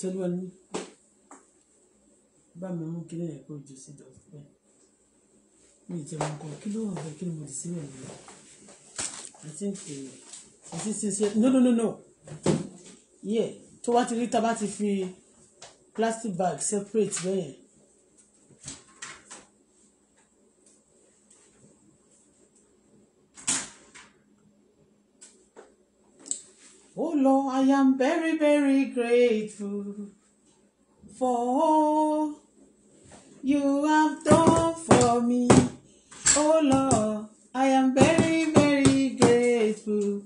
tolúwa ní bá mi mú kíní yẹn kó jù sí dọ̀tún mi ì jẹun kan kí ló wà bẹ́ẹ̀ kí ni mo lè sí rẹ̀ nìyẹn I think uh, is this sincere no no no no yeah tó wá ti rí tá a bá ti fi plastic bag separate bẹ́ẹ̀ yẹn am very, very grateful for all you have done for me. Oh Lord, I am very, very grateful.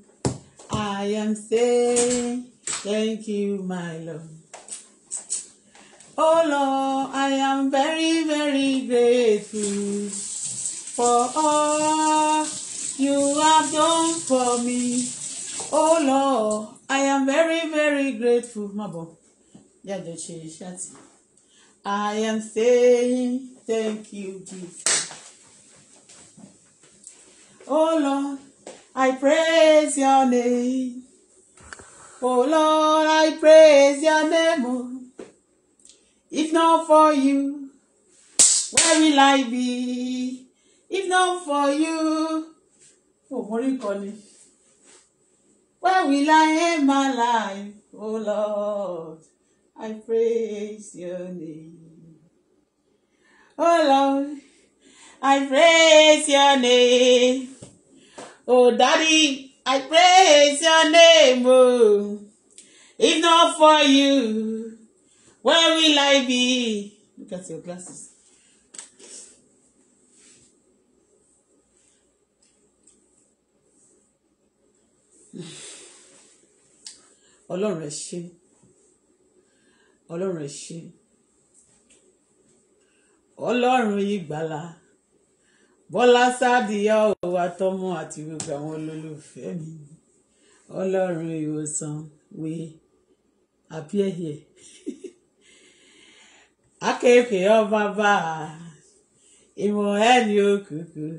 I am saying thank you, my Lord. Oh Lord, I am very, very grateful for all you have done for me. Oh Lord, I am very, very grateful, Mabo. I am saying thank you, Jesus. Oh Lord, I praise your name. Oh Lord, I praise your name. If not for you, where will I be? If not for you, oh, what do you call Where will I end my life, oh Lord? I praise your name. Oh Lord, I praise your name. Oh Daddy, I praise your name. Oh, if not for you, where will I be? Look at your glasses. ọlọ́run ẹ ṣé ọlọ́run ẹ ṣé ọlọ́run ìgbàlà bọ́lá sádìyà ọ̀wọ́ àtọmọ àti gbogbo àwọn olólùfẹ́ mi ọlọ́run ìwòsàn we appear here akéèké ọba bá a ìmọ̀ ẹni òkùnkùn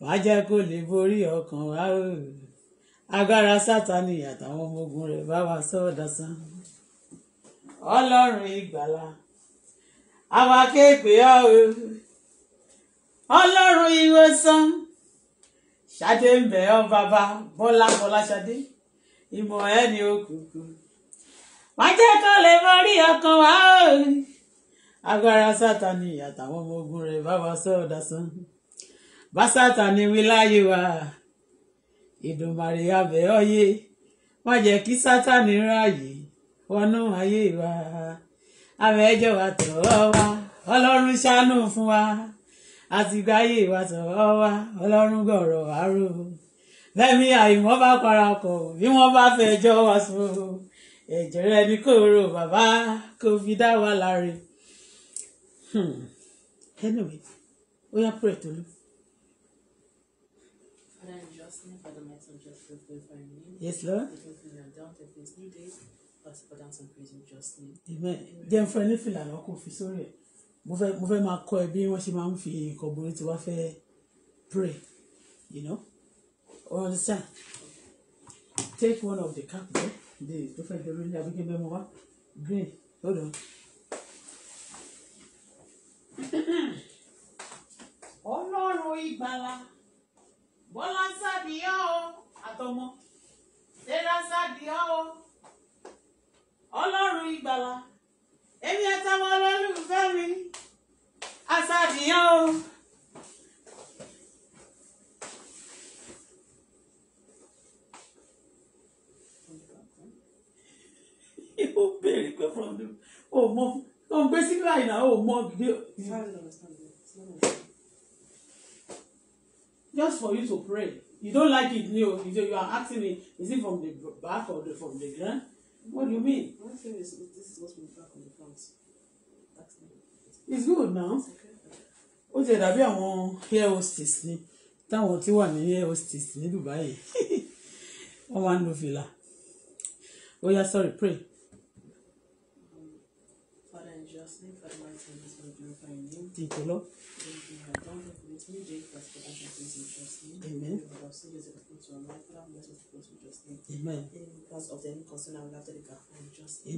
má jẹ́ kó lè borí ọkàn wa o agbára sátani àtàwọn ọmọ ogun rẹ̀ bá wa sọ dasán ọlọ́run ìgbàlà àwa kéèpé ọ ọlọ́run ìwòsàn ṣadé ń bẹ̀ ọ́ bàbá bọ́lá bọ́lá ṣadé ìmọ̀ ẹ̀ ní òkùnkùn má jẹ́ kó lè mọ rí ọkàn wa ó agbára sátani àtàwọn ọmọ ogun rẹ̀ bá wa sọ dasán bá sátani wí láyé wa. Èdùmàrè abẹ́ ọyẹ má jẹ́ kí sátánì ráàyè wọnú ayé wa abẹ́jọ́ wa tọ̀wọ́ wa ọlọ́run ṣàánú fún wa àtìgbà ayé wa tọ̀wọ́ wa ọlọ́run gọ̀rọ̀ wá rò lẹ́mí àìmọ́ bá parapọ̀ bí wọ́n bá fẹjọ́ wa sùn ẹ̀jẹ̀ rẹ ní kò rò bàbá kò fi dá wa láre. ẹnu hmm. ó yá pray Tolú. Yes, Lord. jẹun fún ẹ ní fìlà lọ kó fi sórí ẹ mo fẹ́ mo fẹ́ máa kọ́ ẹ bí wọ́n ṣe máa ń fi nǹkan burú tí wọ́n fẹ́ pray you know you understand take one of the cap there eh? the tó fẹ́ dorí ní abíkẹ́ bẹ́ẹ̀ mo wá green hold on. ọlọ́run ìgbàlà bọ́lá sábìyàn àtọmọ serasa diọ́ o ọlọ́run ìgbàlà èmi àtàwọn olólùfẹ́ mi àsàdìyàn o. ó béèrè pé fún ọdún ó mọ ó ń gbé síbí báyìí náà ó mọ gbé. just for you to pray you don't like it ni o you are asking me is it from the back or the, from the ground what do you mean. this is what's from back or the front. it's good now. ó ti dàbí àwọn air hostess ni táwọn tí wà ní air hostess ní Dubai wọ́n wá ń lo fìlà ó yá sorry pray. Um, Father, in Jesus' name, my son, this one, glorify your name. Thank you, Amen. Amen.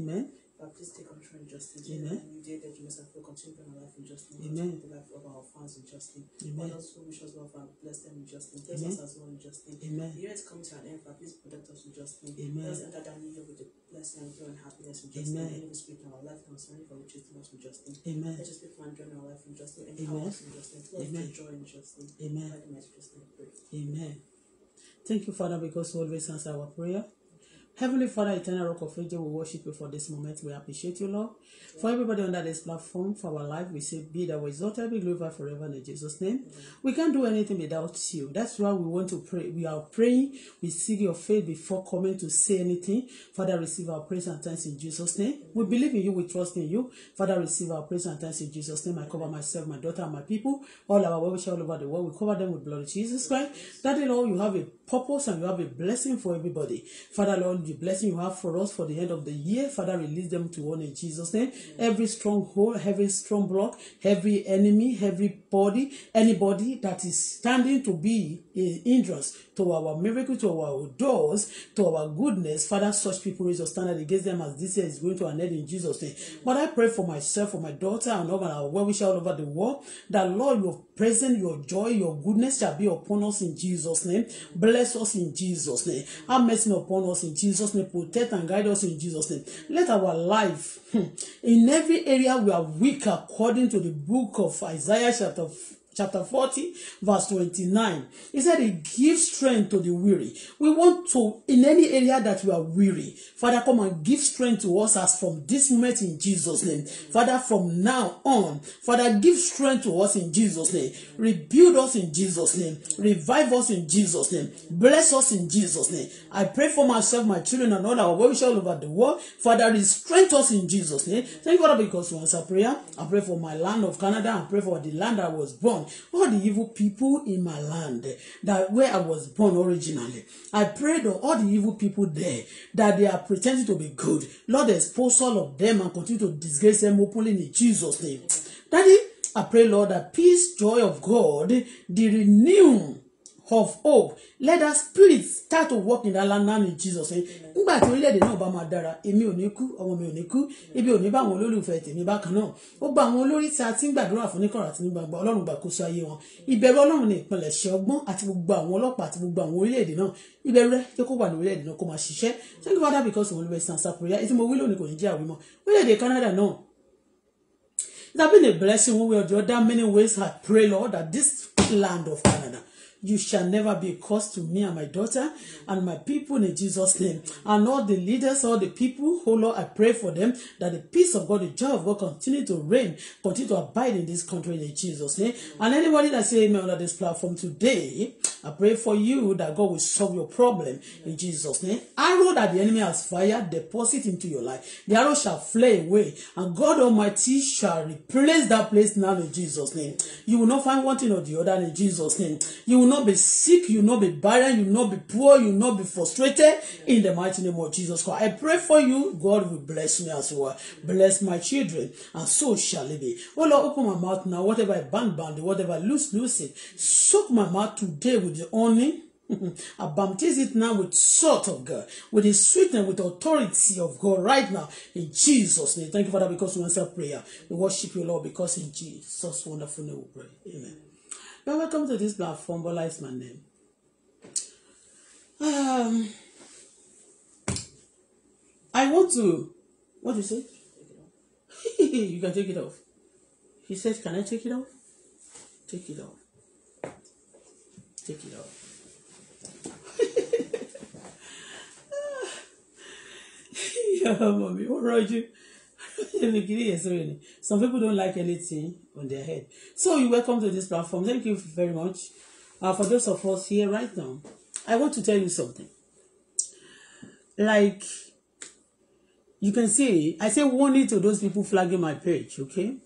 Amen. But please take control in justice. Amen. And you did that you must have continue in our life in justice. Amen. The life of our fans in justice. Amen. All also wish us well, and bless them in justice. Bless Amen. us as well in justice. Amen. The year is coming to an end, but please protect us in justice. Amen. us enter that year with the blessing and joy and happiness in justice. Amen. Any spirit in our life concerning for which is us in justice. Amen. Let us speak for and joy our life in justice. Empower us in justice. Amen. joy in justice. Amen. Amen. Thank you, Father, because you always answer our prayer. Heavenly Father, eternal rock of ages, we worship you for this moment. We appreciate you, Lord. For everybody on this platform, for our life, we say, Be that exalted, be glorified forever in Jesus' name. We can't do anything without you. That's why we want to pray. We are praying. We seek your faith before coming to say anything. Father, receive our praise and thanks in Jesus' name. We believe in you. We trust in you. Father, receive our praise and thanks in Jesus' name. I cover myself, my daughter, and my people, all our worship all over the world. We cover them with blood of Jesus Christ. That, Lord, you have a purpose and you have a blessing for everybody. Father, Lord, the blessing you have for us for the end of the year. Father, release them to one in Jesus' name. Every stronghold, every strong block, every enemy, every body, anybody that is standing to be a hindrance to our miracle, to our doors, to our goodness. Father, such people raise your standard against them as this year is going to an end in Jesus' name. But I pray for myself, for my daughter, and all our well-wishers all over the world that, Lord, you Present your joy, your goodness shall be upon us in Jesus' name. Bless us in Jesus' name. Have mercy upon us in Jesus' name. Protect and guide us in Jesus' name. Let our life, hmm, in every area we are weak according to the book of Isaiah chapter chapter 40, verse 29. He said he gives strength to the weary. We want to, in any area that we are weary, Father, come and give strength to us as from this moment in Jesus' name. Father, from now on, Father, give strength to us in Jesus' name. Rebuild us in Jesus' name. Revive us in Jesus' name. Bless us in Jesus' name. I pray for myself, my children, and all our worship all over the world. Father, strength us in Jesus' name. Thank you, Father, because you answer prayer. I pray for my land of Canada. and pray for the land I was born. all the evil people in my land that where I was born originally. I pray that all the evil people there that they are pretending to be good, Lord, expose all of them and continue to disgrace them openly in Jesus' name. Daddy, I pray, Lord, that peace, joy of God, the renew of hope let that spirit start to walk in that land now in Jesus name eh, nígbà tí orílẹ̀-èdè náà bá máa dára èmi ò ní kú ọmọ mi ò ní kú ibi ò ní bá àwọn olólùfẹ́ tèmi bákan náà ó gba àwọn olórí tí a ti ń gbàdúrà fún níkọ̀rọ̀ àti nígbàgbọ́ ọlọ́run gbàkóso ayé wọn ìbẹ̀rù ọlọ́run ní ìpilẹ̀ṣẹ̀ ọgbọ́n àti gbogbo àwọn ọlọ́pàá àti gbogbo àwọn orílẹ̀-èdè náà ìbẹ̀rù rẹ jẹ́ kó wà ní orílẹ̀-èdè náà kó máa ṣiṣẹ́ thank you father because òun ló bẹ san mo wí lónìí kò Canada náà it has been a blessing one way or many ways I pray Lord that this land of Canada You shall never be a cause to me and my daughter and my people in Jesus' name. And all the leaders, all the people, oh Lord, I pray for them that the peace of God, the joy of God continue to reign, continue to abide in this country in Jesus' name. And anybody that say amen on this platform today, I pray for you that God will solve your problem in Jesus' name. Arrow that the enemy has fired, deposit into your life. The arrow shall fly away, and God Almighty shall replace that place now in Jesus' name. You will not find one thing or the other in Jesus' name. You will not. not be sick, you not be barren, you not be poor, you not be frustrated. In the mighty name of Jesus Christ. I pray for you. God will bless me as well. Bless my children, and so shall it be. Oh Lord, open my mouth now. Whatever I band band, whatever I loose, loose it. Soak my mouth today with the honey. I baptize it now with salt of God, with the sweetness, with authority of God right now in Jesus' name. Thank you, Father, because we answer prayer. We worship you, Lord, because in Jesus' wonderful name we pray. Amen. You're welcome to this platform. Bola is my name. Um, I want to. What do you say? you can take it off. He says, "Can I take it off? Take it off. Take it off." Yeah, mommy. What ó you? Yes, really. Some people don't like anything on their head. So you welcome to this platform. Thank you very much. Uh, for those of us here right now, I want to tell you something. Like you can see, I say warning to those people flagging my page, okay?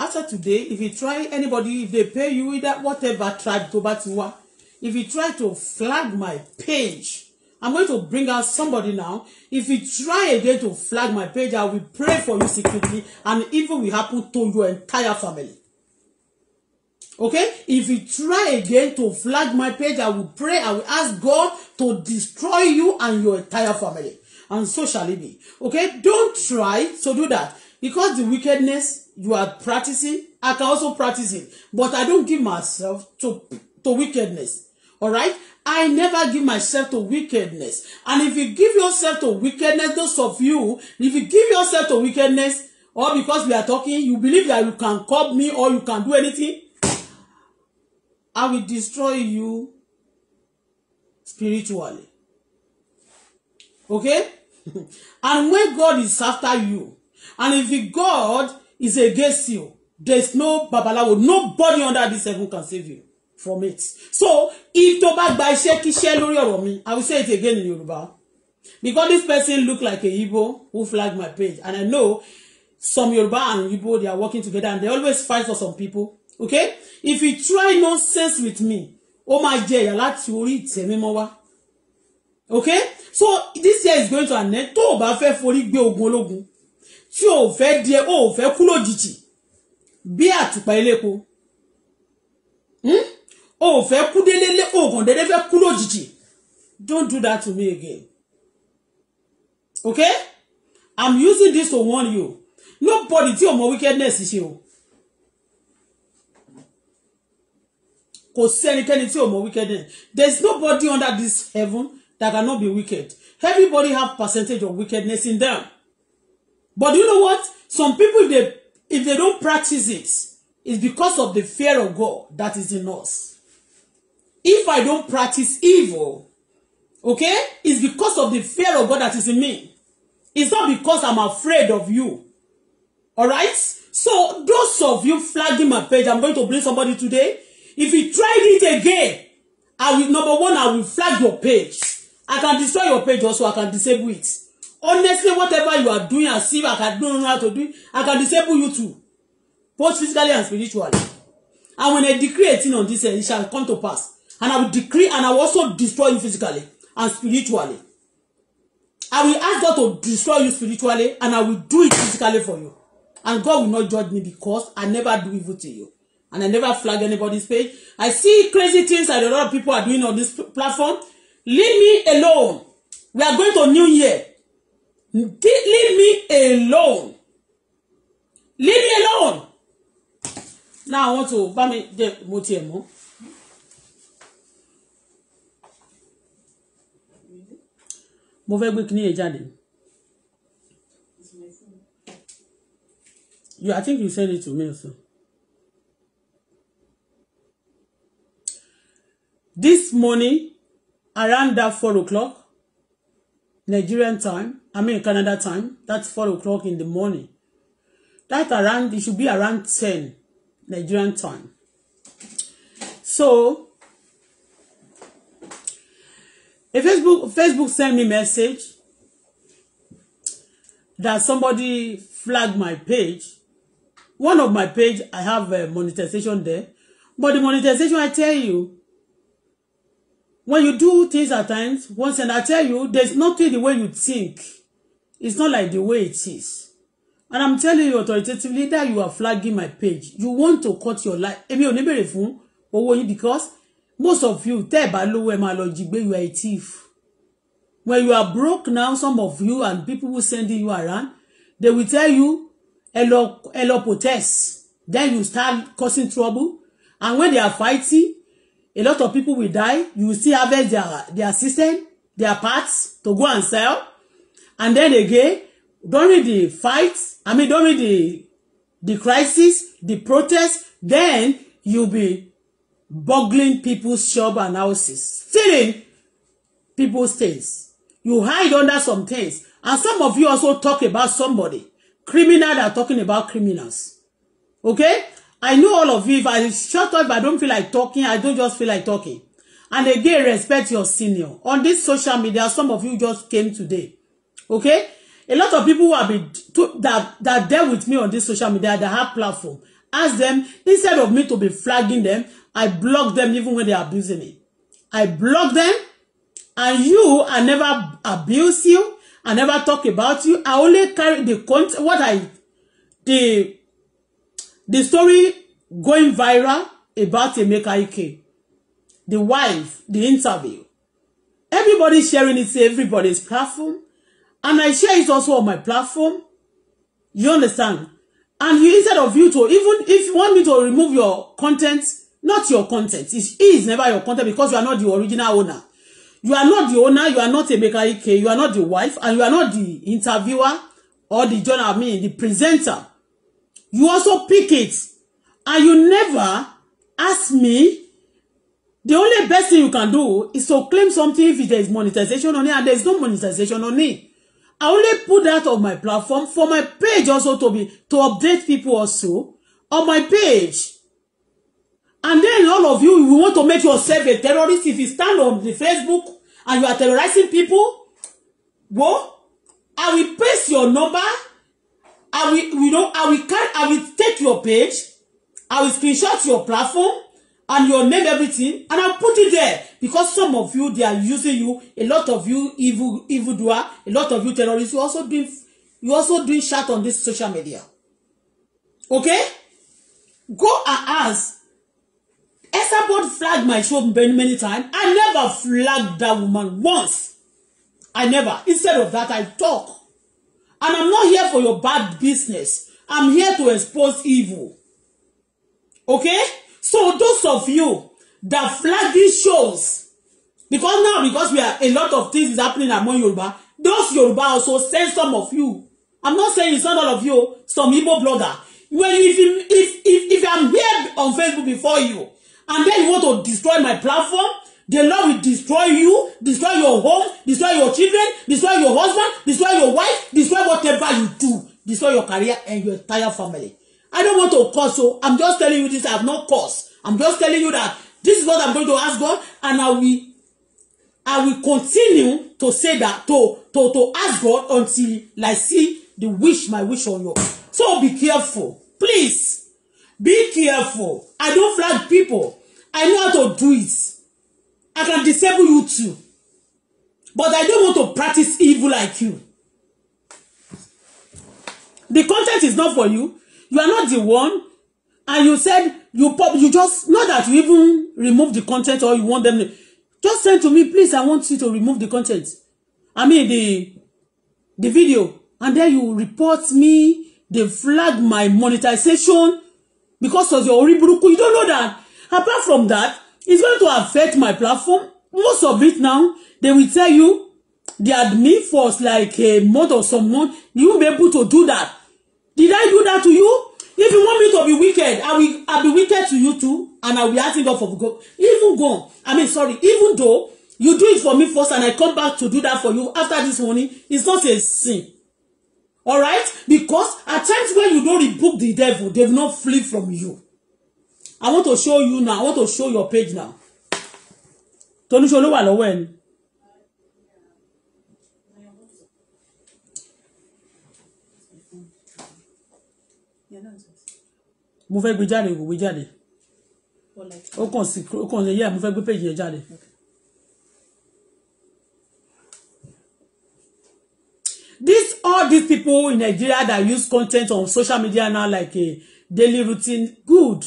After today, if you try anybody, if they pay you with that whatever tribe to Batiwa, if you try to flag my page, I'm going to bring out somebody now. If you try again to flag my page, I will pray for you secretly and even will happen to your entire family. Okay? If you try again to flag my page, I will pray. I will ask God to destroy you and your entire family. And so shall it be. Okay? Don't try to do that. Because the wickedness you are practicing, I can also practice it. But I don't give myself to, to wickedness. All right? I never give myself to wickedness. And if you give yourself to wickedness, those of you, if you give yourself to wickedness, or because we are talking, you believe that you can curb me or you can do anything, I will destroy you spiritually. Okay? and when God is after you, and if God is against you, there's no babalawo. Nobody under this heaven can save you from it. So, if bá gba iṣẹ́ kíṣẹ́ lórí ọ̀rọ̀ mi i will say it again in Yoruba, because this person look like a Igbo who flag my page and i know some Yoruba and Igbo they are working together and they always fight for some people okay if you try nonsense with me ó máa jẹ ìyà láti orí ìtẹ́ mímọ́ wá okay so this year is going to an end tó o bá fẹ́ forí gbé ogun ológun tí o fẹ́ di o fẹ́ kú lójijì bí àtùpà elépo. Hmm? o fẹ́ kú délélé oògùn dédé fẹ́ kú lójijì don't do that to me again okay i'm using this to warn you nobody tí o mọ wickedness ṣe o kò sí ẹnikẹ́ni tí o mọ wickedness there is nobody under this heaven that cannot be wicked everybody have percentage of wickedness in them but you know what some people if they if they don't practice it it's because of the fear of God that is in us if I don't practice evil, okay, it's because of the fear of God that is in me. It's not because I'm afraid of you. All right? So those of you flagging my page, I'm going to blame somebody today. If you tried it again, I will, number one, I will flag your page. I can destroy your page also, I can disable it. Honestly, whatever you are doing I see, I can don't know how to do, I can disable you too. Both physically and spiritually. And when I decree a thing on this, it shall come to pass and I will decree and I will also destroy you physically and spiritually. I will ask God to destroy you spiritually and I will do it physically for you. And God will not judge me because I never do evil to you. And I never flag anybody's page. I see crazy things that a lot of people are doing on this platform. Leave me alone. We are going to New Year. Leave me alone. Leave me alone. Now I want to buy me the motiemo. mo fẹ́ gbé kíní yẹn jáde. You, I think you send it to me also. This morning, around that four o'clock, Nigerian time, I mean Canada time, that's four o'clock in the morning. That around, it should be around 10 Nigerian time. So, a Facebook Facebook sent me message that somebody flagged my page. One of my page, I have a monetization there. But the monetization, I tell you, when you do things at times, once and I tell you, there's nothing the way you think. It's not like the way it is. And I'm telling you authoritatively that you are flagging my page. You want to cut your life. Èmi ò ní bèrè fún owó because most of you tẹ́ ẹ̀ bá lówó ẹ̀ máa lọ jí gbé you are a thief when you are broke now some of you and people who sending you around they will tell you ẹ lọ ẹ lọ protest then you start causing trouble and when they are fighting a lot of people will die you still harvest their their system their parts to go and sell and then again during the fight i mean during the the crisis the protest then you be burgling people's shop and houses, stealing people's things. You hide under some things. And some of you also talk about somebody. Criminal that are talking about criminals. Okay? I know all of you. If I shut up, I don't feel like talking. I don't just feel like talking. And again, respect your senior. On this social media, some of you just came today. Okay? A lot of people who have been to, that that dealt with me on this social media that have platform. Ask them instead of me to be flagging them. I block them even when they're abusing me. I block them and you, I never abuse you. I never talk about you. I only carry the content, what I, the, the story going viral about Emeka Ike, the wife, the interview. Everybody sharing it to everybody's platform. And I share it also on my platform. You understand? And you, instead of you to, even if you want me to remove your content, not your content it is never your content because you are not the original owner you are not the owner you are not a maker. Ike you are not the wife and you are not the interviewer or the journal I mean the presenter you also pick it and you never ask me the only best thing you can do is to claim something if there is monetization on it and there is no monetization on it I only put that on my platform for my page also to be to update people also on my page And then all of you, you want to make yourself a terrorist if you stand on the Facebook and you are terrorizing people. Whoa, I will paste your number. I will, you know, I will can, I will take your page. I will screenshot your platform and your name, everything, and I'll put it there because some of you they are using you. A lot of you evil, evil doer. A lot of you terrorists. You also doing, you also doing shit on this social media. Okay, go and ask Esabod flagged my show many, many times. I never flagged that woman once. I never. Instead of that, I talk. And I'm not here for your bad business. I'm here to expose evil. Okay? So those of you that flag these shows, because now, because we are a lot of things is happening among Yoruba, those Yoruba also send some of you. I'm not saying it's not all of you, some Igbo blogger. Well, if, if, if, if I'm here on Facebook before you, and then you want to destroy my platform the Lord will destroy you destroy your home destroy your children destroy your husband destroy your wife destroy whatever you do destroy your career and your entire family I don't want to curse so I'm just telling you this I have no curse I'm just telling you that this is what I'm going to ask God and I will I will continue to say that to to to ask God until like see the wish my wish on you so be careful please be careful I don't flag people I know how to do it. I can disable you too. But I don't want to practice evil like you. The content is not for you. You are not the one. And you said you pop, you just, not that you even remove the content or you want them. just send to me, please, I want you to remove the content. I mean, the, the video. And then you report me. They flag my monetization because of your ori You don't know that apart from that it's going to affect my platform most of it now they will tell you the admin for like a month or some month you be able to do that did I do that to you if you want me to be wicked I will I be wicked to you too and I will be asking God for God even go. I mean sorry even though you do it for me first and I come back to do that for you after this morning it's not a sin All right, because at times when you don't rebuke the devil they will not flee from you I want to show you now I want to show your page now Tóníṣe ló wà lọ́wọ́ ẹ ni. mo fẹ́ gbé jáde kò gbé jáde ó kàn sí ó kàn sí yẹ́ mo fẹ́ gbé péjì yẹn jáde. This all these people in Nigeria that use content on social media now like a daily routine good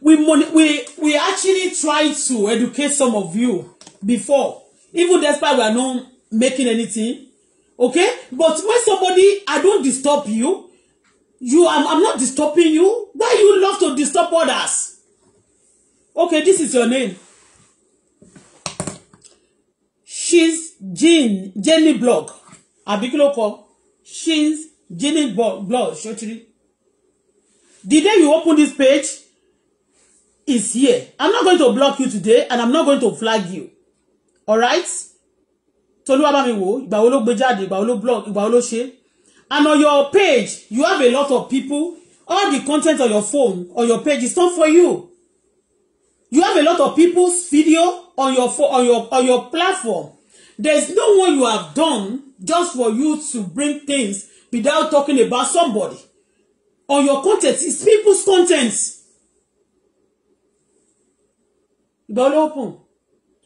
we we we actually try to educate some of you before even despite we are not making anything okay but when somebody I don't disturb you you I'm, I'm not disturbing you why you love to disturb others okay this is your name she's Jean Jenny blog àbí kí ló she's Jenny blog blog ṣọtiri the day you open this page is here. I'm not going to block you today and I'm not going to flag you. Alright? Toluwa bá mi wò, ìgbà wo ló gbé jáde, ìgbà wo ló block, ìgbà wo ló ṣe. And on your page, you have a lot of people. All the content on your phone, or your page is not for you. You have a lot of people's video on your on your on your platform. There's no one you have done just for you to bring things without talking about somebody. On your content, it's people's content. ìgbà ó ló open.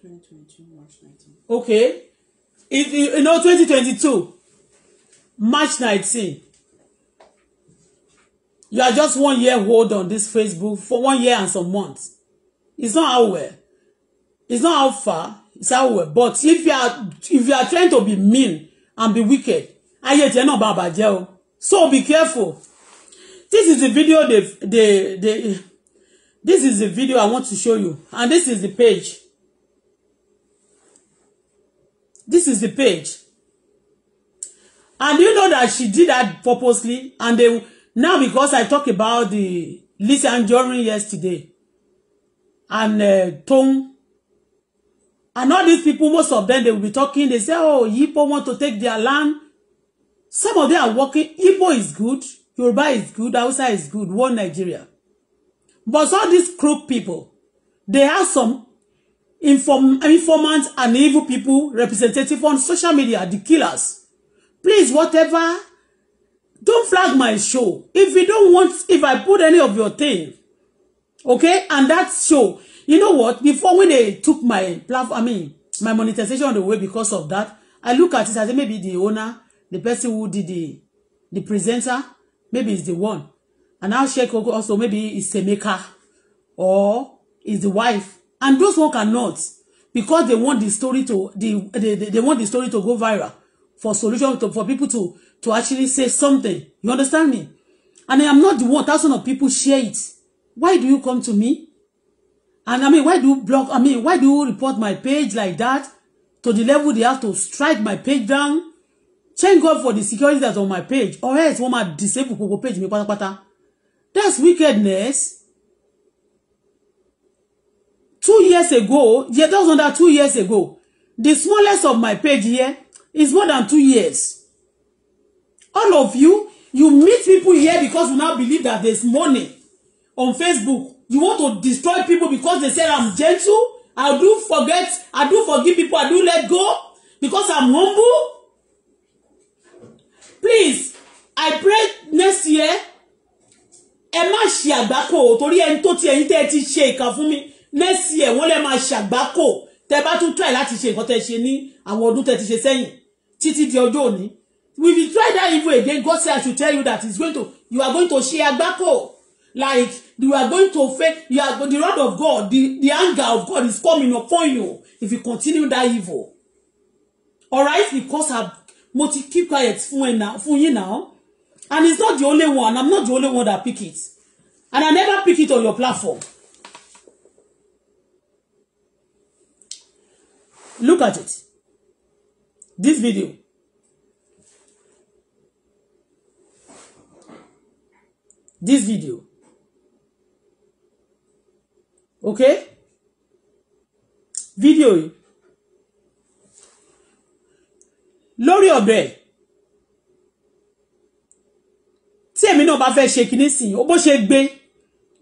twenty twenty two march nineteen. okay if you, you know twenty twenty two march nineteen you are just one year old on this facebook for one year and some months it's not how well it's not how far it's how well but if you are if you are trying to be mean and be wicked ayé tiẹ̀ náà bá bàjẹ́ o so be careful this is the video they they they. This is the video I want to show you, and this is the page. This is the page. And you know that she did that purposely, and they now because I talk about the Lisa and Anjorin yesterday, and uh, Tom, and all these people, most of them, they will be talking. They say, "Oh, Igbo want to take their land." Some of them are working. Igbo is good. Yoruba is good. Hausa is good. One Nigeria. But all these crook people, they have some inform informants and evil people representative on social media, the killers. Please, whatever, don't flag my show. If you don't want, if I put any of your thing, okay, and that show, you know what? Before when they took my platform, I mean, my monetization on the way because of that, I look at it as maybe the owner, the person who did the, the presenter, maybe is the one And now Sheikh also maybe is a maker or is the wife. And those one cannot because they want the story to the they, they, they want the story to go viral for solution to, for people to to actually say something. You understand me? And I am not the one. Thousands of people share it. Why do you come to me? And I mean, why do you block? I mean, why do you report my page like that? To the level they have to strike my page down. Thank God for the security that's on my page. Or else, one might disable Google page me pata. That's wickedness. Two years ago, yeah, that was under two years ago. The smallest of my page here is more than two years. All of you, you meet people here because you now believe that there's money on Facebook. You want to destroy people because they say I'm gentle. I do forget. I do forgive people. I do let go because I'm humble. Please, I pray next year ẹ má ṣe àgbákò torí ẹni tó ti ẹ̀yin tẹ́ ẹ ti ṣe ìkà fún mi nẹ́sì ẹ̀ wọ́n lẹ́ máa ṣàgbákò tẹ́ bá tún try láti ṣe nǹkan tẹ́ ṣe ní àwọn ọdún tẹ́ ti ṣe sẹ́yìn títí di ọjọ́ òní if you try that evil again God say I should tell you that it's going to you are going to ṣe àgbákò like you are going to fail you are the wrath of God the the anger of God is coming upon you if you continue that evil alright because I mo ti keep quiet fún ẹ na now And it's not the only one. I'm not the only one that pick it. And I never pick it on your platform. Look at it. This video. This video. Okay? Video yìí. obey. tí èmi náà bá fẹ́ ṣe kinní sí i bó ṣe gbé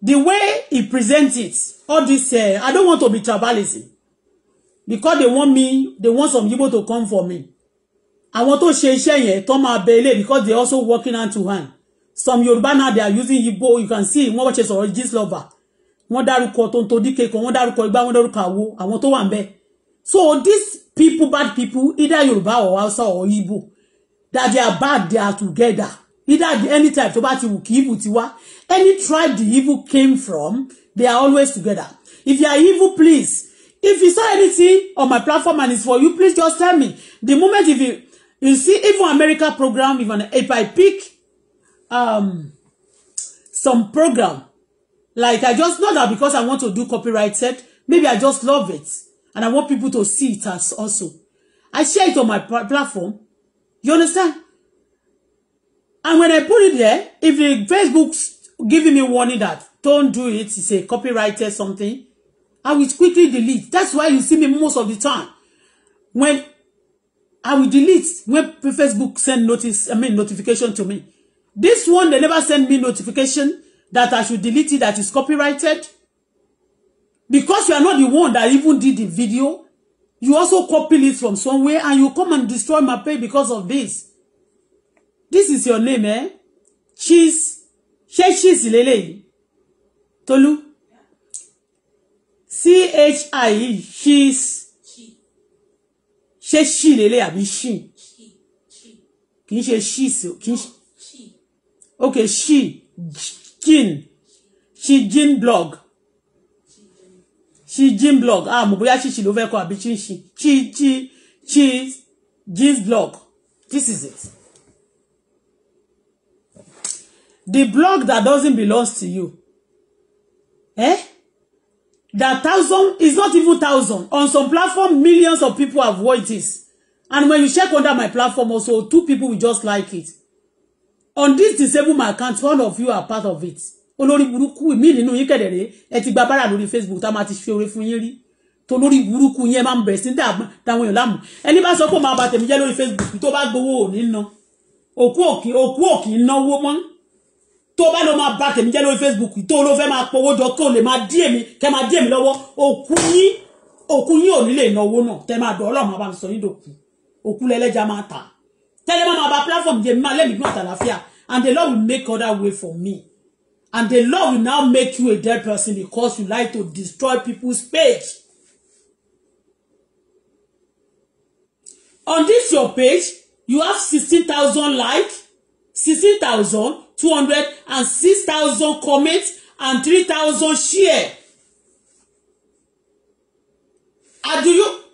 the way he present it all this uh, I don't want to be tribalism because they want me they want some Igbo to come for me àwọn tó ṣe iṣẹ́ yẹn tó máa bẹ ilé because they also working hand to hand some Yoruba now they are using Igbo you can see wọ́n ṣe sọ̀rọ̀ gist lover wọ́n dárúkọ Tonto Dike kan wọ́n dárúkọ Igba wọ́n dárúkọ àwo àwọn tó wà ń so these people bad people either Yoruba or Hausa or Igbo that they are bad they are together either the any type tó bá ti wù kí evil ti wá any tribe the evil came from they are always together if you are evil please if you saw anything on my platform and it's for you please just tell me the moment if you you see even America program even if I pick um some program like I just know that because I want to do copyright set maybe I just love it and I want people to see it as also I share it on my platform you understand And when I put it there, if the Facebook's giving me warning that don't do it, it's a copyrighted something, I will quickly delete. That's why you see me most of the time. When I will delete when Facebook send notice, I mean notification to me. This one, they never send me notification that I should delete it that is copyrighted. Because you are not the one that even did the video, you also copy it from somewhere and you come and destroy my page because of this this is your name eh cheese ṣé cheese lélẹ́yìí Tolú chi cheese ṣé ṣì lélẹ̀ àbí ṣì kì í ṣe Cheese. kì í ṣe Okay, ṣì jean ṣì jean blog ṣì jean blog ah mo bóyá ṣìṣì ló fẹ́ kọ àbí ṣìṣì ṣì ṣì ṣì jeans blog this is it. The block that doesn't belong to you. Eh? That thousand is not even thousand. On some platform, millions of people have watched this. And when you check under my platform also, two people will just like it. On this disable my account, one of you are part of it. Olori buruku, mi nínú yín kedere ẹ ti gba bara Facebook tá ma ti ṣe ọ̀rẹ́ To lórí buruku yẹn man nbe sin da tawon yan lamu. Ẹni bá sọ ma bà tèmi jẹ́ lórí Facebook tó bá gbowó ni na. Òkú òkì òkú òkì náwó mọ́ tó bá lọ máa bá tèmi jẹ́ lórí Facebook tó ló fẹ́ máa powó jọ kó lè máa dí èmi kẹ́ máa dí èmi lọ́wọ́ òkú yín òkú yín ò nílé ìnáwó náà tẹ́ máa dọ̀ ọlọ́run máa bá mi sọ yín dòkú òkú lẹ́lẹ́jà máa tà tẹ́lẹ̀ máa bá platform jẹ mi máa lẹ́mìí dùn àtàlàfíà and the Lord will make other way for me and the Lord will now make you a dead person because you like to destroy people's page. On this your page, you have 16,000 like, 16,000, two hundred and six thousand comments and three thousand share. And do you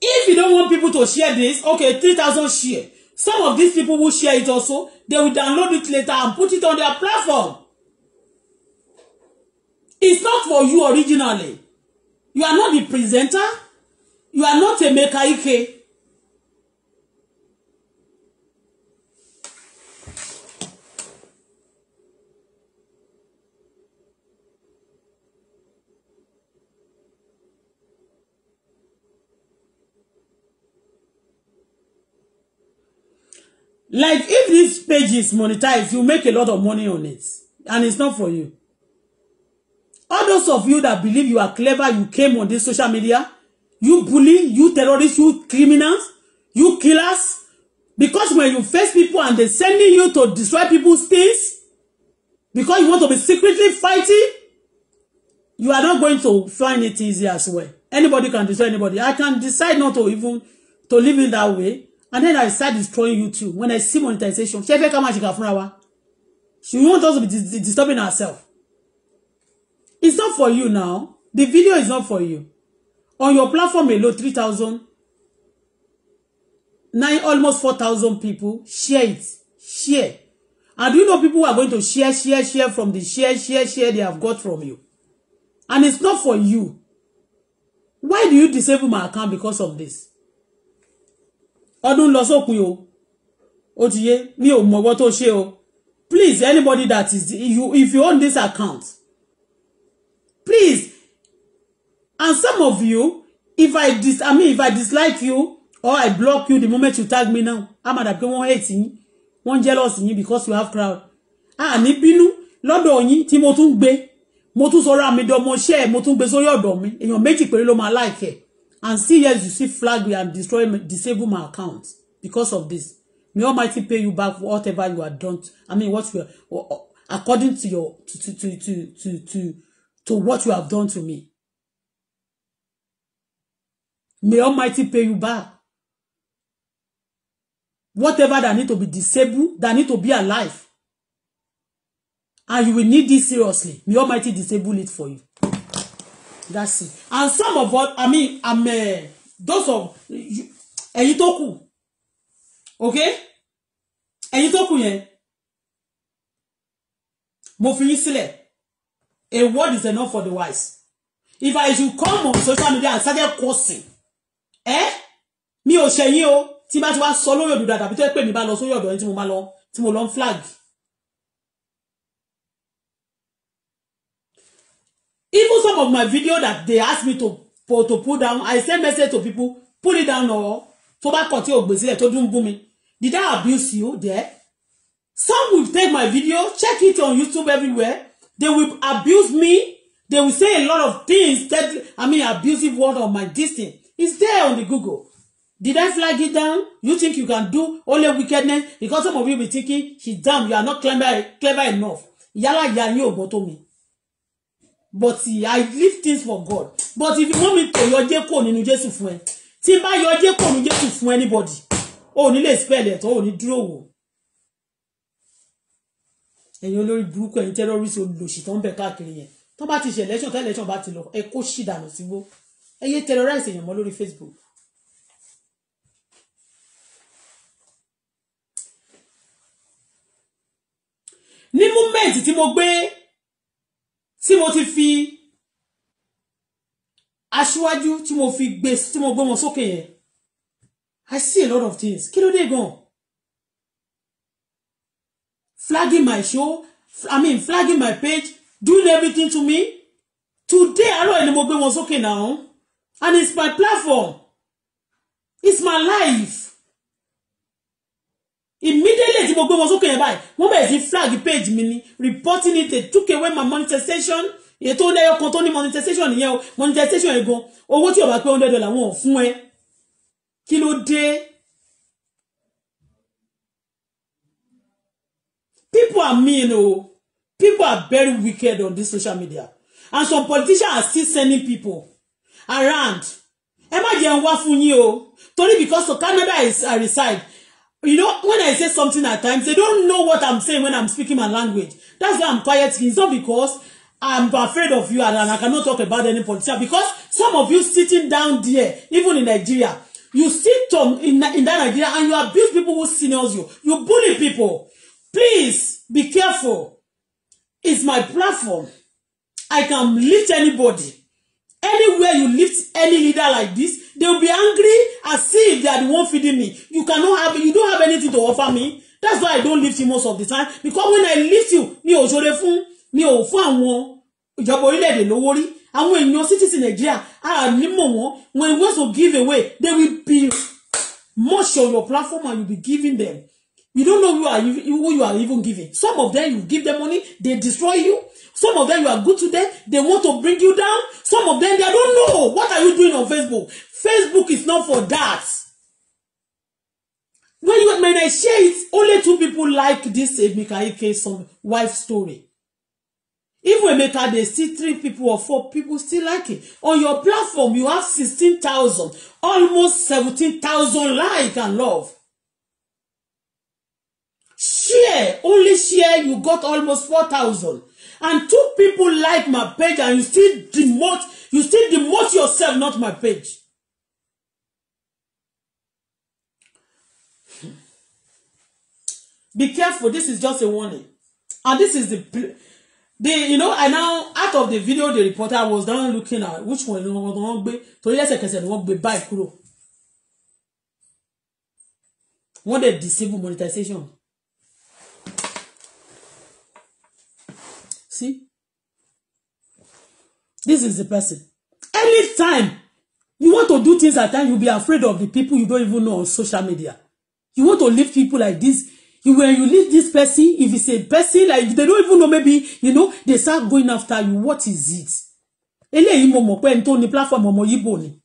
if you don't want people to share this okay three thousand share some of these people will share it also they will download it later and put it on their platform it's not for you originally you are not the presenter you are not a maker. Ike Like if this page is monetized, you make a lot of money on it. And it's not for you. All those of you that believe you are clever, you came on this social media, you bully, you terrorists, you criminals, you killers. Because when you face people and they're sending you to destroy people's things, because you want to be secretly fighting, you are not going to find it easy as well. Anybody can destroy anybody. I can decide not to even to live in that way and then I start destroying YouTube when I see monetization she fẹ́ come máa ṣe kà from wa she won't also be dis disturbing herself it's not for you now the video is not for you on your platform alone three thousand nine almost four thousand people share it share and do you know people who are going to share share share from the share share share they have got from you and it's not for you why do you disable my account because of this ọdún lọ sópin o ó ti yé mi ò mọ̀ ọwọ́ tó ṣe o please anybody that is you if you own this account please and some of you if I dis I mean if I dislike you or I block you the moment you tag me now I'm at a point wọ́n hate you, wọ́n jealous yín because you have crowd ah ní bínú lọ́dọ̀ yín tí mo tún gbé mo tún sọ̀rọ̀ àmì dọ́mọ ṣẹ́ mo tún gbé sórí ọ̀dọ̀ mi èèyàn méjì péré ló máa láìkẹ́ And see yes, you see flag me and destroy disable my account because of this. May Almighty pay you back for whatever you have done. I mean, what you according to your to to to to to to, to what you have done to me. May Almighty pay you back. Whatever that need to be disabled, that need to be alive. And you will need this seriously. May Almighty disable it for you that sin and some of us i mean i'm uh, those of ẹ̀yin tó kù okay ẹ̀yin tó kù yẹn mo fi yín sílẹ̀ a word is enough for the wise if i should come on social media and start started cursing eh mi ò ṣẹ̀yìn o tí bá ti wá sọ lórí òdòdó àtàbí tó pè mí bá lọ sórí ọ̀dọ̀ yẹn tí mo bá lọ tí mo lọ ń flag Even some of my video that they ask me to for, to pull down, I send message to people, pull it down or oh. tó bá kọ̀ tí o gbé sílẹ̀ tó dún Did I abuse you there? Some will take my video, check it on YouTube everywhere. They will abuse me. They will say a lot of things that I mean abusive word on my distance. It's there on the Google. Did I flag it down? You think you can do all your wickedness because some of you be thinking, she's dumb, you are not clever, clever enough. Yálà ìyá yín ò gbọ́ tó mi but I leave things for God but if you want me to yọ jẹ́kọ̀ nínú Jésù fún ẹ tí bá yọ jẹ́kọ̀ nínú Jésù fún anybody o ò ní lè spell ẹ̀ tó o ò ní dúró wò ẹ̀yin olórí burúkú ẹ̀yin terrorist olùlòṣì tó ń bẹ káàkiri yẹn tó bá ti ṣe election tó election bá ti lọ ẹ kó ṣì dànù sígbó ẹ yé terrorize èèyàn mọ́ lórí Facebook. ní múmẹ́ǹtì tí mo gbé tí mo ti fi aṣíwájú tí mo fi gbé tí mo gbọ́mọ sókè yẹn I see a lot of things kí ló dé gan flagging my show I mean flagging my page doing everything to me today àárọ̀ ẹni mo gbé wọn sókè náà and it's my platform it's my life immediately tí mo gbé wọn sókè yẹn báyìí wọ́n bẹ̀rẹ̀ sí flag page mi ni reporting it they took away my monetization ètò lẹ́yọ kan tó ní monetization nìyẹn o monetization yẹn gan owó tí ó bá pé hundred dollar wọn ò fún ẹ kí ló dé people are mean o people are very wicked on this social media and some politicians are still sending people around ẹ má jẹun wá fún yín o torí because Canada is a reside you know when I say something at times they don't know what I'm saying when I'm speaking my language that's why I'm quiet it's not because I'm afraid of you and, I cannot talk about any politician because some of you sitting down there even in Nigeria you sit on in, in that Nigeria and you abuse people who signals you you bully people please be careful it's my platform I can lift anybody Anywhere you lift any leader like this, they will be angry and see if they are the one feeding me. You cannot have, you don't have anything to offer me. That's why I don't lift you most of the time. Because when I lift you, mi ò ṣoore fún, mi ò fún àwọn ìjọba orílẹ̀-èdè lówó rí. Àwọn èèyàn citizens Nigeria, a ní mọ̀ wọ́n. When you want to give away, they will be much on your platform and you be giving them. You don't know who are you, who you are even giving. Some of them you give them money, they destroy you. Some of them you are good to them, they want to bring you down. Some of them they don't know what are you doing on Facebook. Facebook is not for that. When you when I share it, only two people like this Emeka Ike's wife story. Even Emeka, they see three people or four people still like it. On your platform, you have sixteen thousand, almost seventeen thousand like and love year only share you got almost four thousand and two people like my page and you still demote you still demote yourself not my page. Be careful this is just a warning and this is the the you know I now out of the video the reporter was down looking at which one ni wọ́n gbé torí lẹ́sẹ̀kẹsẹ̀ ni wọ́n gbé báyìí kúrò wọ́n dẹ̀ disable monetization. See? This is the person. Anytime you want to do things at time, you'll be afraid of the people you don't even know on social media. You want to leave people like this. You, when you leave this person, if it's a person like they don't even know, maybe you know they start going after you. What is it? platform ọmọ Yíbò ni.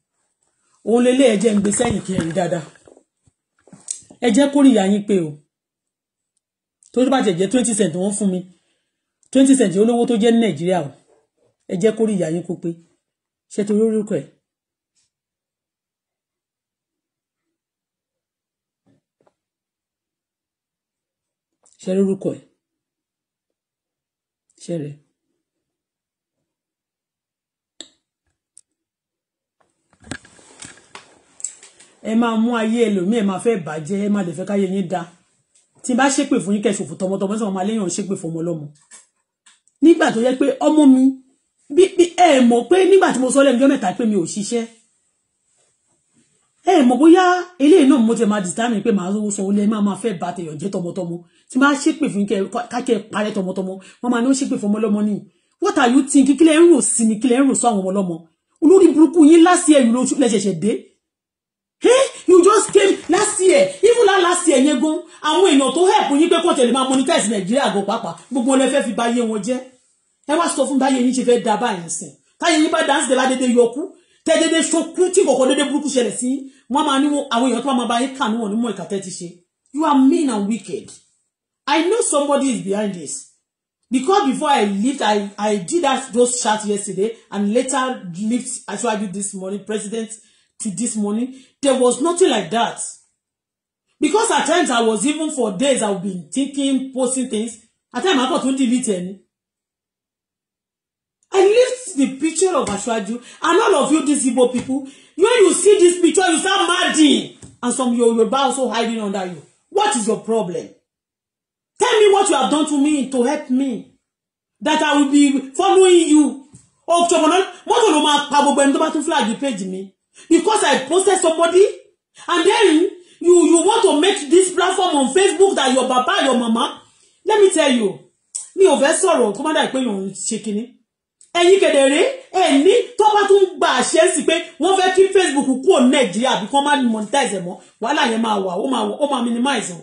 Òun lè lé ẹjẹ́ ń gbé sẹ́yìn kí ẹ rí dáadáa. Ẹ jẹ́ kórìíyá yín cent wọ́n fún mi twenty cent olówó tó jẹ́ ní nàìjíríà o ẹ jẹ́ kó rí ìyá yín kó pé ṣe torí orúkọ ẹ̀. ṣe orúkọ ẹ̀ ṣe rẹ̀. ẹ máa mú ayé ẹlòmíì ẹ máa fẹ́ bàjẹ́ ẹ máa lè fẹ́ káyé yín dáa tí n bá ṣépè fún yín kẹ́ ṣòfò tọmọtọmọ sí wọn máa léyàn ṣépè fún ọmọ ọlọ́mọ nígbà tó yẹ pé ọmọ mi bí ẹ mọ̀ pé nígbà tí mo sọ lẹ́nu ọjọ́ mẹ́ta pé mi ò ṣiṣẹ́ ẹ mọ̀ bóyá eléyìí náà mo ti máa determine pé màá rówó san olè máa máa fẹ́ bá tèèyàn jẹ́ tọmọtọmọ tí máa ṣépè fún kákẹ́ parẹ́ tọmọtọmọ wọ́n máa ní ó ṣépè fún ọmọlọ́mọ ní what are you thinking kílẹ̀ ń rò sí mi kílẹ̀ ń rò sọ àwọn ọmọlọ́mọ olórí burúkú yín lásìí ẹ̀yìn lẹ́sẹ̀ṣẹ̀ dé you just came last year even that last year yẹn gan àwọn èèyàn tó help yín pé kò tẹ̀lé máa monetize nàìjíríà gan pàápàá gbogbo ọlẹ́ fẹ́ fi ba ayé wọn jẹ́ ẹ wá sọ fún báyé yín ṣe fẹ́ da báyìí sìn táyé yín bá dáńsì dẹ́ba dédé yọkú tẹ́ dédé sọkú tí kòkó dédé burúkú ṣẹlẹ̀ sí wọ́n máa ní àwọn èèyàn tó máa bá yín kà níwọ̀n nímọ̀ ìkà tẹ́ ti ṣe you are mean and wicked I know somebody is behind this because before I left I I did that those chat yesterday and later left Aṣíwájú this morning president to this morning, there was nothing like that. Because at times I was even for days I've been thinking, posting things. At times I got to delete any. I lift the picture of Ashwaju and all of you, these Igbo people, when you see this picture, you start madding. And some Yoruba also hiding under you. What is your problem? Tell me what you have done to me to help me. That I will be following you. Ọ̀pọ̀lọpọ̀ what do you pa gbogbo ẹni tó bá tún flag page mi because I posted somebody and then you you want to make this platform on Facebook that your papa your mama let me tell you mi ò fẹ́ sọ̀rọ̀ kó má dà pé yòó ń ṣe kinní ẹ̀yin kedere ẹni tó bá tún gba àṣẹ sí pé wọ́n fẹ́ kí Facebook kúrò nàìjíríà bí kán má monetize mo. mọ́ wàhálà yẹn máa wà ó máa ó minimize o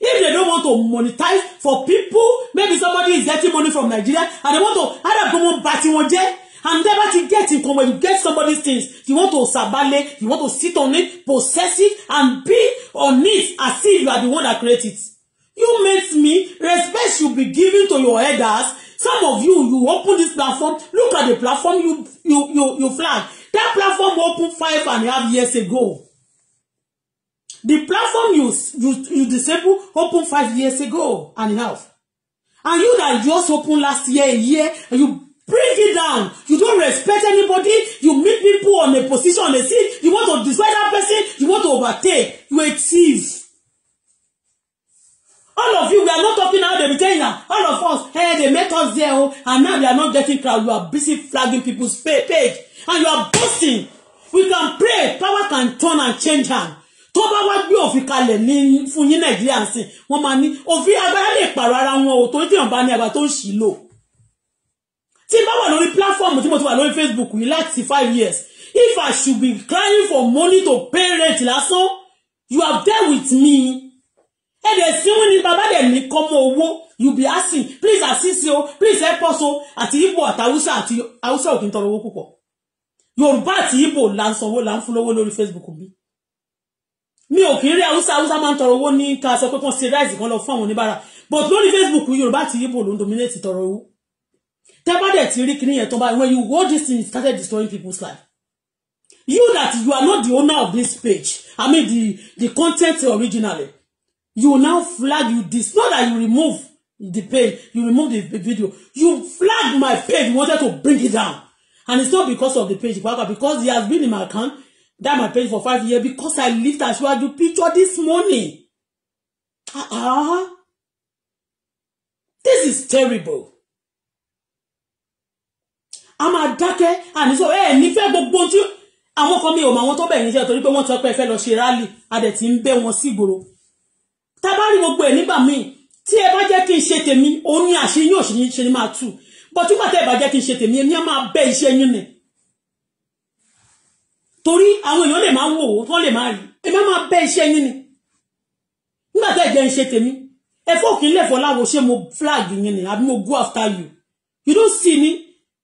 if they don't want to monetize for people maybe somebody is getting money from Nigeria and they want to add up come wọ́n bà tiwọn jẹ́ and never to get nǹkan when you get somebody's things you want to sabale you want to sit on it possess it and be on it as if you are the one that created it you mate me respect should be given to your elders some of you you open this platform look at the platform you you you you flag that platform open five and a half years ago the platform you you you disable open five years ago and a half and you that just open last year a year and you bring it down you don't respect anybody you meet people on a position on a seat you want to destroy that person you want to overtake you a thief all of you we are not talking now they be telling all of us hey, they make us there oh and now we are not getting crowd We are busy flagging people's page and you are boasting we can pray power can turn and change hand tó bá wá gbé òfin kalẹ̀ ní fún yín nàìjíríà sí wọ́n máa ní òfin agbára lè pààrọ̀ ara wọn ò tó dìrànbá ní àgbà tó ń ṣì lò tí n bá wà lórí platform tí mo ti wà lórí Facebook yìí láti five years if I should be crying for money to pay rent lásán you are there with me ẹ dẹ̀ sínú ni bàbá dẹ̀ ní kọ́mọ owó you be asking please assist o please help us o àti Igbo àti Hausa àti Hausa ò kí n tọrọ owó púpọ̀ Yorùbá àti Igbo là ń sanwó là ń fún lówó lórí Facebook mi mi ò kí ń rí Hausa Hausa máa ń tọrọ owó ní ká sọ pé kàn ṣe ráìsì kan lọ fún àwọn oníbàárà but lórí Facebook Yorùbá àti Igbo ló ń dominate tọrọ owó tẹ́ bá dẹ̀ ti rí kíní when you watch this thing it started destroying people's life you that you are not the owner of this page i mean the the content originally you now flag you this not that you remove the page you remove the video you flag my page you wanted to bring it down and it's not because of the page but because he has been in my account that my page for five years because I lift you picture this morning. Ah, uh-uh. This is terrible a máa dákẹ́ àníṣọ ẹ nífẹ̀ẹ́ gbogbo tí àwọn kan mi ò mọ àwọn tó bẹ̀ níṣẹ́ torí pé wọ́n ti ọpẹ́ fẹ́ lọ ṣe rálì a dẹ̀ ti ń bẹ́ wọn sígboro tá a bá rí gbogbo ẹ̀ nígbà míì tí ẹ bá jẹ́ kí n ṣe tèmi òun ni àṣírí yóò ṣe ni máa tù bọ́ tí pàtẹ́ ẹ bá jẹ́ kí n ṣe tèmi èmi á máa bẹ́ iṣẹ́ yín nì torí àwọn èèyàn lè máa ń wò ó wọ́n lè máa rí èmi á máa bẹ́ iṣẹ́ yín nì nígbà tẹ́ ẹ jẹ́ ń ṣe tèmi ẹ fọ́ kí n lẹ̀fọ́ láwo ṣé mo flag yín ni àbí mo go after you you don't see me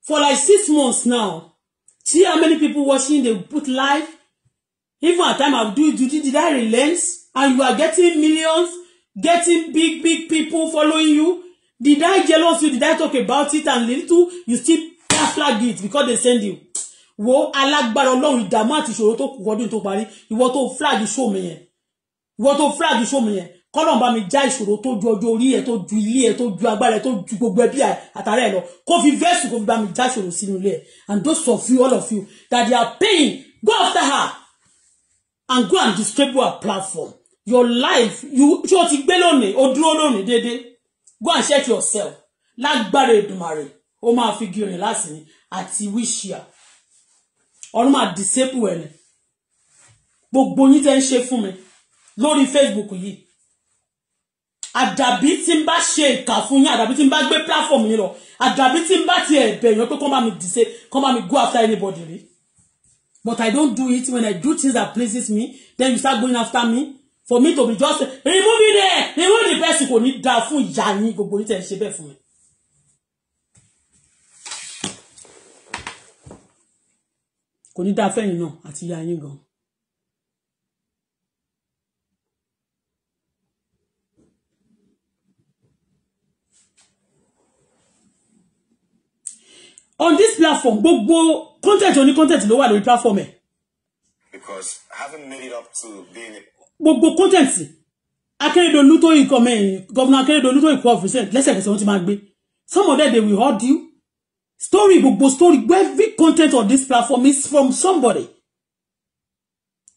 for like six months now see how many people watching They put live even at time I do do did I relent and you are getting millions getting big big people following you did I jealous you did I talk about it and little you still flag it because they send you I like wo alágbára Ọlọ́run ìdààmú àti ìṣòro tó kù ọdún tó parí ìwọ tó flag show mi yẹn ìwọ tó flag show me? kọ́nà bá mi já ìṣòro tó ju ọjọ́ orí ẹ tó ju ilé ẹ tó ju agbára ẹ tó ju gbogbo ẹbí àtàrà ẹ lọ kó fi vẹ́sù kó fi bá mi já ìṣòro sínú ilé ẹ and those of you all of you that they are paying go after her and go and distribute her platform your life you ṣé o ti gbé lónìí o dúró lónìí déédéé go and check yourself lágbára Èdùmàrè o máa fi girin láti ní àti wíṣíà ọ̀run máa disable ẹ̀ ní gbogbo yín tẹ́ ń ṣe fún mi lórí Facebook yìí àdàbí tí n bá ṣe ìkà fún yín àdàbí tí n bá gbé platform yín lọ àdàbí tí n bá ti ẹ̀bẹ̀ yín pé kọ́ bá mi dìse kọ́ bá mi go after anybody rí but I don't do it when I do things that pleases me then you start going after me for me to be just remove me there remove the person kò ní dáa fún ìyá yín gbogbo yín tẹ̀ ṣe bẹ́ẹ̀ fún mi. kò ní dáa fẹ́yìn náà àti ìyá yín gan-an. on this platform gbogbo content oní content ló wà lórí platform ẹ̀. because haven't made it up to being. gbogbo content Akérédolú tó ikọ̀ mẹ́rin gọ́vùnà Akérédolú tó ikọ̀ ọ̀fíìsẹ̀ lẹ́sẹ̀kẹsẹ̀ wọ́n ti máa gbé some of them they will hold you story gbogbo story every content on this platform is from somebody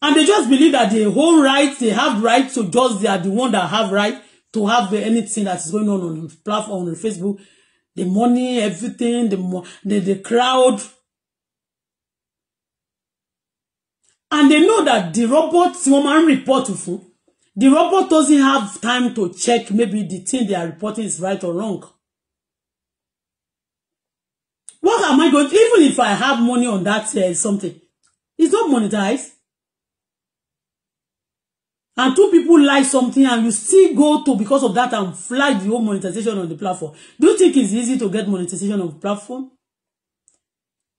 and they just believe that they own right they have right to just they are the one that have right to have anything that is going on on the platform on the Facebook The money, everything, the, the, the crowd. And they know that the robot woman wọ́n máa ń the robot doesn't have time to check maybe the thing they are reporting is right or wrong. What am I going to, even if I have money on that uh, something, it's not monetized and two people like something and you still go to because of that and fly the whole monetization on the platform do you think it's easy to get monetization on the platform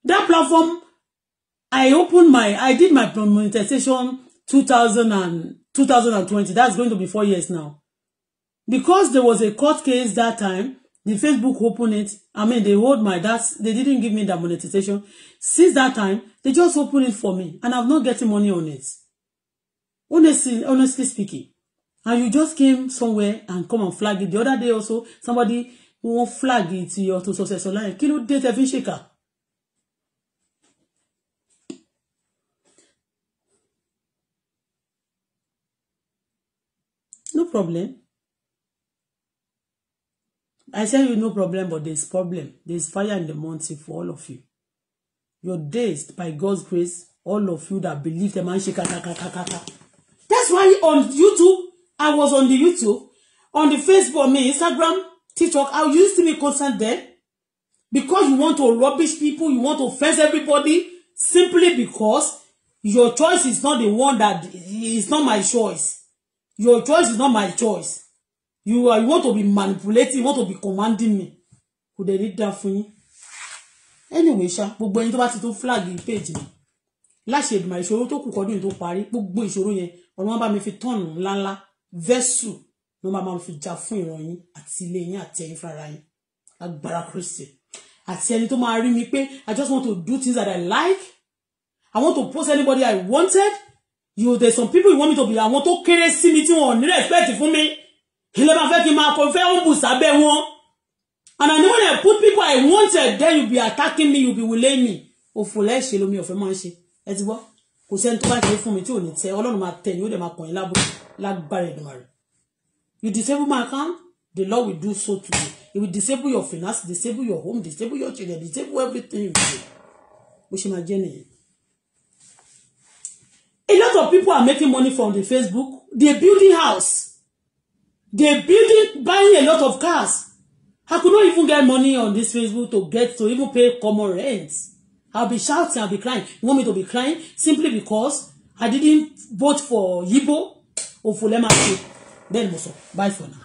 that platform i opened my i did my monetization 2000 and 2020 that's going to be four years now because there was a court case that time the facebook opened it i mean they hold my that's they didn't give me that monetization since that time they just opened it for me and i've not getting money on it honestly honestly speaking and you just came somewhere and come and flag it the other day also somebody won flag ti Auto Success Online kí ló dé tẹ fi ń ṣèkà. no problem I tell you no problem but there's problem There's fire in the mountain for all of you your days by God's grace all of you that believe them and ṣe kàkàkàkàkà. That's why on YouTube, I was on the YouTube, on the Facebook, me, Instagram, TikTok, I used to be concerned there. Because you want to rubbish people, you want to offense everybody, simply because your choice is not the one that is not my choice. Your choice is not my choice. You, are, you want to be manipulating, you want to be commanding me. Kò dẹ̀ ní dá fún yín. Anyway, ṣá, gbogbo ẹni tó bá ti tó flag page mi. Láṣẹ ìdìmọ̀ ìṣòro tó kù kọ́dún tó parí, gbogbo ìṣòro yẹn ọlọ́run bá mi fi tọ́ọ̀nù ńláńlá vẹ́sù ló máa máa fi jà fún ìran yín àti ilé yín àti ẹ̀yin fúnra yín agbára kristi àti ẹni tó máa rí mi pé i just want to do things that i like i want to post anybody i wanted you there some people you want me to be àwọn tó kéré sí mi tí wọn ò ní respect fún mi ilé máa fẹ́ kí n máa kọ fẹ́ òǹbù sábẹ́ wọn and i know when i put people i wanted then you be attacking me you be willing me òfò lẹ́ẹ̀ṣẹ̀ lomi ọ̀fẹ́ máa ń ṣe ẹ ti gbọ́ kò sẹ́ni tó bá ṣe fún mi tí ò ní tẹ ọlọ́run máa tẹ ni ó dẹ̀ máa kàn lágbára ẹ̀dùnmọ̀ rẹ̀ you disable my account the Lord will do so to you he will disable your finance disable your home disable your children disable everything you do bó ṣe máa jẹ́ nìyẹn. a lot of people are making money from the Facebook they building house they building buying a lot of cars I could not even get money on this Facebook to get to even pay common rent. I'll be shouting, I'll be crying. You want me to be crying simply because I didn't vote for Yibo or Fulema. Then, also, bye for now.